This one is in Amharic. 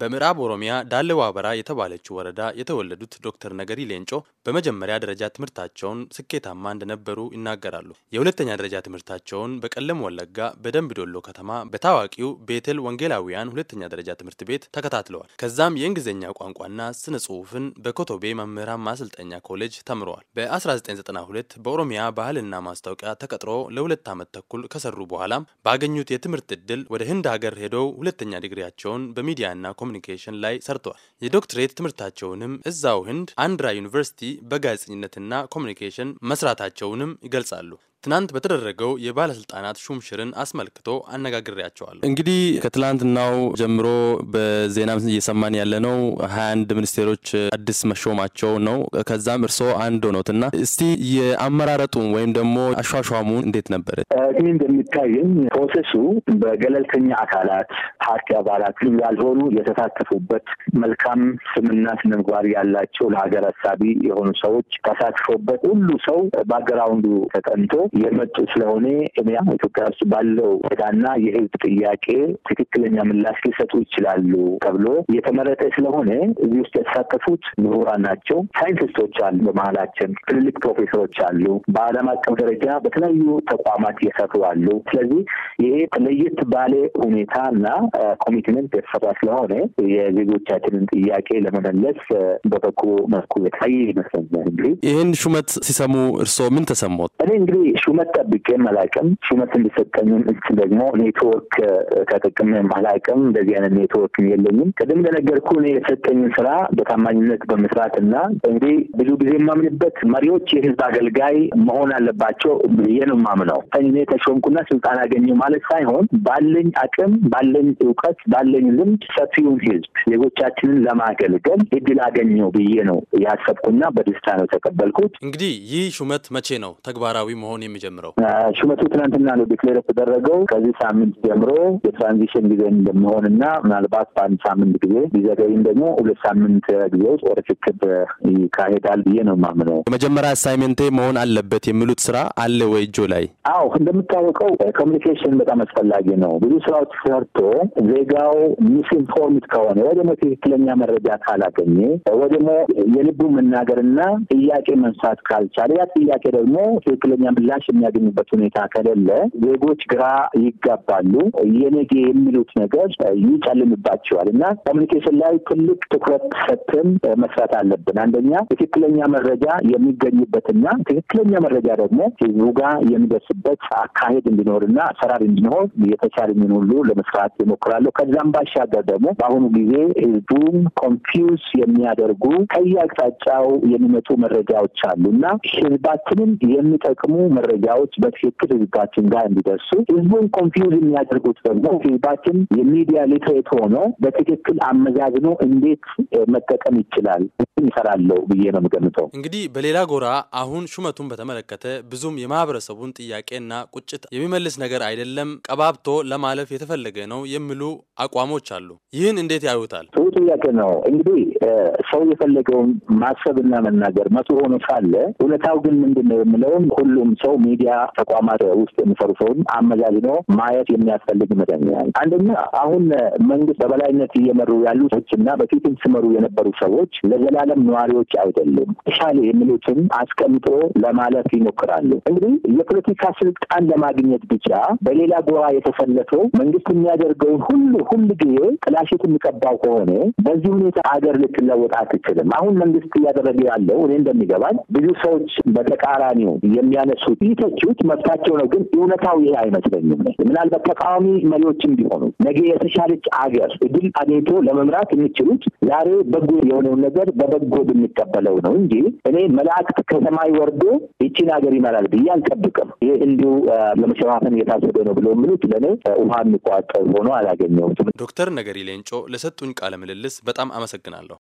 በምዕራብ ኦሮሚያ ዳለ ዋበራ የተባለችው ወረዳ የተወለዱት ዶክተር ነገሪ ሌንጮ በመጀመሪያ ደረጃ ትምህርታቸውን ስኬታማ እንደነበሩ ይናገራሉ። የሁለተኛ ደረጃ ትምህርታቸውን በቀለም ወለጋ በደንብ ዶሎ ከተማ በታዋቂው ቤትል ወንጌላዊያን ሁለተኛ ደረጃ ትምህርት ቤት ተከታትለዋል። ከዛም የእንግሊዝኛ ቋንቋና ስነ ጽሁፍን በኮቶቤ መምህራን ማሰልጠኛ ኮሌጅ ተምረዋል። በ1992 በኦሮሚያ ባህልና ማስታወቂያ ተቀጥሮ ለሁለት ዓመት ተኩል ከሰሩ በኋላም ባገኙት የትምህርት ዕድል ወደ ህንድ ሀገር ሄደው ሁለተኛ ዲግሪያቸውን በሚዲያና ኮሚኒኬሽን ላይ ሰርተዋል። የዶክትሬት ትምህርታቸውንም እዛው ህንድ አንድራ ዩኒቨርሲቲ በጋዜጠኝነትና ኮሚኒኬሽን መስራታቸውንም ይገልጻሉ። ትናንት በተደረገው የባለስልጣናት ሹምሽርን አስመልክቶ አነጋግሬያቸዋለሁ። እንግዲህ ከትላንትናው ጀምሮ በዜና እየሰማን ያለነው ሀያ አንድ ሚኒስቴሮች አዲስ መሾማቸው ነው። ከዛም እርስዎ አንድ እና እስቲ የአመራረጡን ወይም ደግሞ አሿሿሙን እንዴት ነበር? እኔ እንደሚታየኝ ፕሮሴሱ በገለልተኛ አካላት ፓርቲ አባላት ያልሆኑ የተሳተፉበት መልካም ስምና ስነምግባር ያላቸው ለሀገር አሳቢ የሆኑ ሰዎች ተሳትፎበት ሁሉ ሰው ባግራውንዱ ተጠንቶ የመጡ ስለሆነ እኔ ኢትዮጵያ ውስጥ ባለው ዕዳና የህዝብ ጥያቄ ትክክለኛ ምላሽ ሊሰጡ ይችላሉ ተብሎ የተመረጠ ስለሆነ እዚህ ውስጥ የተሳተፉት ምሁራን ናቸው። ሳይንቲስቶች አሉ፣ በመሀላችን ትልልቅ ፕሮፌሰሮች አሉ። በዓለም አቀፍ ደረጃ በተለያዩ ተቋማት እየሰሩ አሉ። ስለዚህ ይሄ ለየት ባለ ሁኔታና ኮሚትመንት የተሰራ ስለሆነ የዜጎቻችንን ጥያቄ ለመመለስ በበጎ መልኩ የታይ ይመስለኛል። ያለብኝ። ይህን ሹመት ሲሰሙ እርስዎ ምን ተሰሞት? እኔ እንግዲህ ሹመት ጠብቄ አላውቅም። ሹመት እንዲሰጠኝም እች ደግሞ ኔትወርክ ተጠቅሜም አላውቅም። እንደዚህ አይነት ኔትወርክ የለኝም። ቅድም እንደነገርኩ እኔ የተሰጠኝን ስራ በታማኝነት በመስራት እና እንግዲህ ብዙ ጊዜ የማምንበት መሪዎች የህዝብ አገልጋይ መሆን አለባቸው ብዬ ነው የማምነው። እኔ ተሾምኩና ስልጣን አገኘሁ ማለት ሳይሆን ባለኝ አቅም፣ ባለኝ እውቀት፣ ባለኝ ልምድ ሰፊውን ህዝብ ዜጎቻችንን ለማገልገል እድል አገኘሁ ብዬ ነው ያሰብኩና በደስታ ነው ነው የተቀበልኩት። እንግዲህ ይህ ሹመት መቼ ነው ተግባራዊ መሆን የሚጀምረው? ሹመቱ ትናንትና ነው ዲክሌር የተደረገው። ከዚህ ሳምንት ጀምሮ የትራንዚሽን ጊዜ እንደሚሆን እና ምናልባት በአንድ ሳምንት ጊዜ ቢዘገይም ደግሞ ሁለት ሳምንት ጊዜ ውስጥ ወደ ርክክብ ይካሄዳል ብዬ ነው የማምነው። የመጀመሪያ አሳይመንቴ መሆን አለበት የሚሉት ስራ አለ ወይ እጆ ላይ? አዎ እንደምታወቀው ኮሚኒኬሽን በጣም አስፈላጊ ነው። ብዙ ስራዎች ሰርቶ ዜጋው ሚስኢንፎርምድ ከሆነ ወይ ደግሞ ትክክለኛ መረጃ ካላገኘ ወይ ደግሞ የልቡ መናገርና ጥያቄ መንሳት ካልቻለ ያ ጥያቄ ደግሞ ትክክለኛ ምላሽ የሚያገኝበት ሁኔታ ከሌለ ዜጎች ግራ ይጋባሉ። የነገ የሚሉት ነገር ይጨልምባቸዋል እና ኮሚኒኬሽን ላይ ትልቅ ትኩረት ሰጥተን መስራት አለብን። አንደኛ ትክክለኛ መረጃ የሚገኝበትና ትክክለኛ መረጃ ደግሞ ህዝቡ ጋር የሚደርስበት አካሄድ እንዲኖርና አሰራር እንዲኖር የተቻለኝን ሁሉ ለመስራት ይሞክራለሁ። ከዛም ባሻገር ደግሞ በአሁኑ ጊዜ ህዝቡም ኮንፊውዝ የሚያደርጉ ከየአቅጣጫው የሚመጡ መረጃዎች አሉ እና ህዝባችንን የሚጠቅሙ መረጃዎች በትክክል ህዝባችን ጋር እንዲደርሱ ህዝቡን ኮንፊውዝ የሚያደርጉት ደግሞ ህዝባችን የሚዲያ ሊትሬት ሆኖ በትክክል አመዛዝኖ እንዴት መጠቀም ይችላል ይሰራለው ብዬ ነው የምገምተው። እንግዲህ በሌላ ጎራ አሁን ሹመቱን በተመለከተ ብዙም የማህበረሰቡን ጥያቄና ቁጭት የሚመልስ ነገር አይደለም፣ ቀባብቶ ለማለፍ የተፈለገ ነው የሚሉ አቋሞች አሉ። ይህን እንዴት ያዩታል? ጥያቄ ነው። እንግዲህ ሰው የፈለገውን ማሰብና መናገር መቶ ሆኖ ሳለ እውነታው ግን ምንድን ነው የምለውም ሁሉም ሰው ሚዲያ ተቋማት ውስጥ የሚሰሩ ሰውን አመዛዝኖ ማየት የሚያስፈልግ ይመስለኛል። አንደኛ አሁን መንግስት በበላይነት እየመሩ ያሉ ሰዎችና በፊትም ሲመሩ የነበሩ ሰዎች ለዘላለም ነዋሪዎች አይደሉም። ተሻሌ የሚሉትን አስቀምጦ ለማለፍ ይሞክራሉ። እንግዲህ የፖለቲካ ስልጣን ለማግኘት ብቻ በሌላ ጎራ የተሰለፈው መንግስት የሚያደርገውን ሁሉ ሁል ጊዜ ጥላሸት የሚቀባው ከሆነ በዚህ ሁኔታ አገር ልትለወጥ አትችልም። አሁን መንግስት እያደረገ ያለው እኔ እንደሚገባኝ ብዙ ሰዎች በተቃራኒው የሚያነሱት ይተቹት መብታቸው ነው፣ ግን እውነታው ይሄ አይመስለኝም። ምናልባት ተቃዋሚ መሪዎችም ቢሆኑ ነገ የተሻለች አገር እድል አግኝቶ ለመምራት የሚችሉት ዛሬ በጎ የሆነውን ነገር በበጎ ብንቀበለው ነው እንጂ እኔ መላእክት ከሰማይ ወርዶ ይቺን ሀገር ይመራል ብዬ አልጠብቅም። ይህ እንዲሁ ለመሸፋፈን እየታሰበ ነው ብሎ ምሉት ለእኔ ውሃ የሚቋጠር ሆኖ አላገኘሁትም። ዶክተር ነገሪ ሌንጮ ለሰጡኝ ቃለ ምልልስ በጣም አመሰግናለሁ።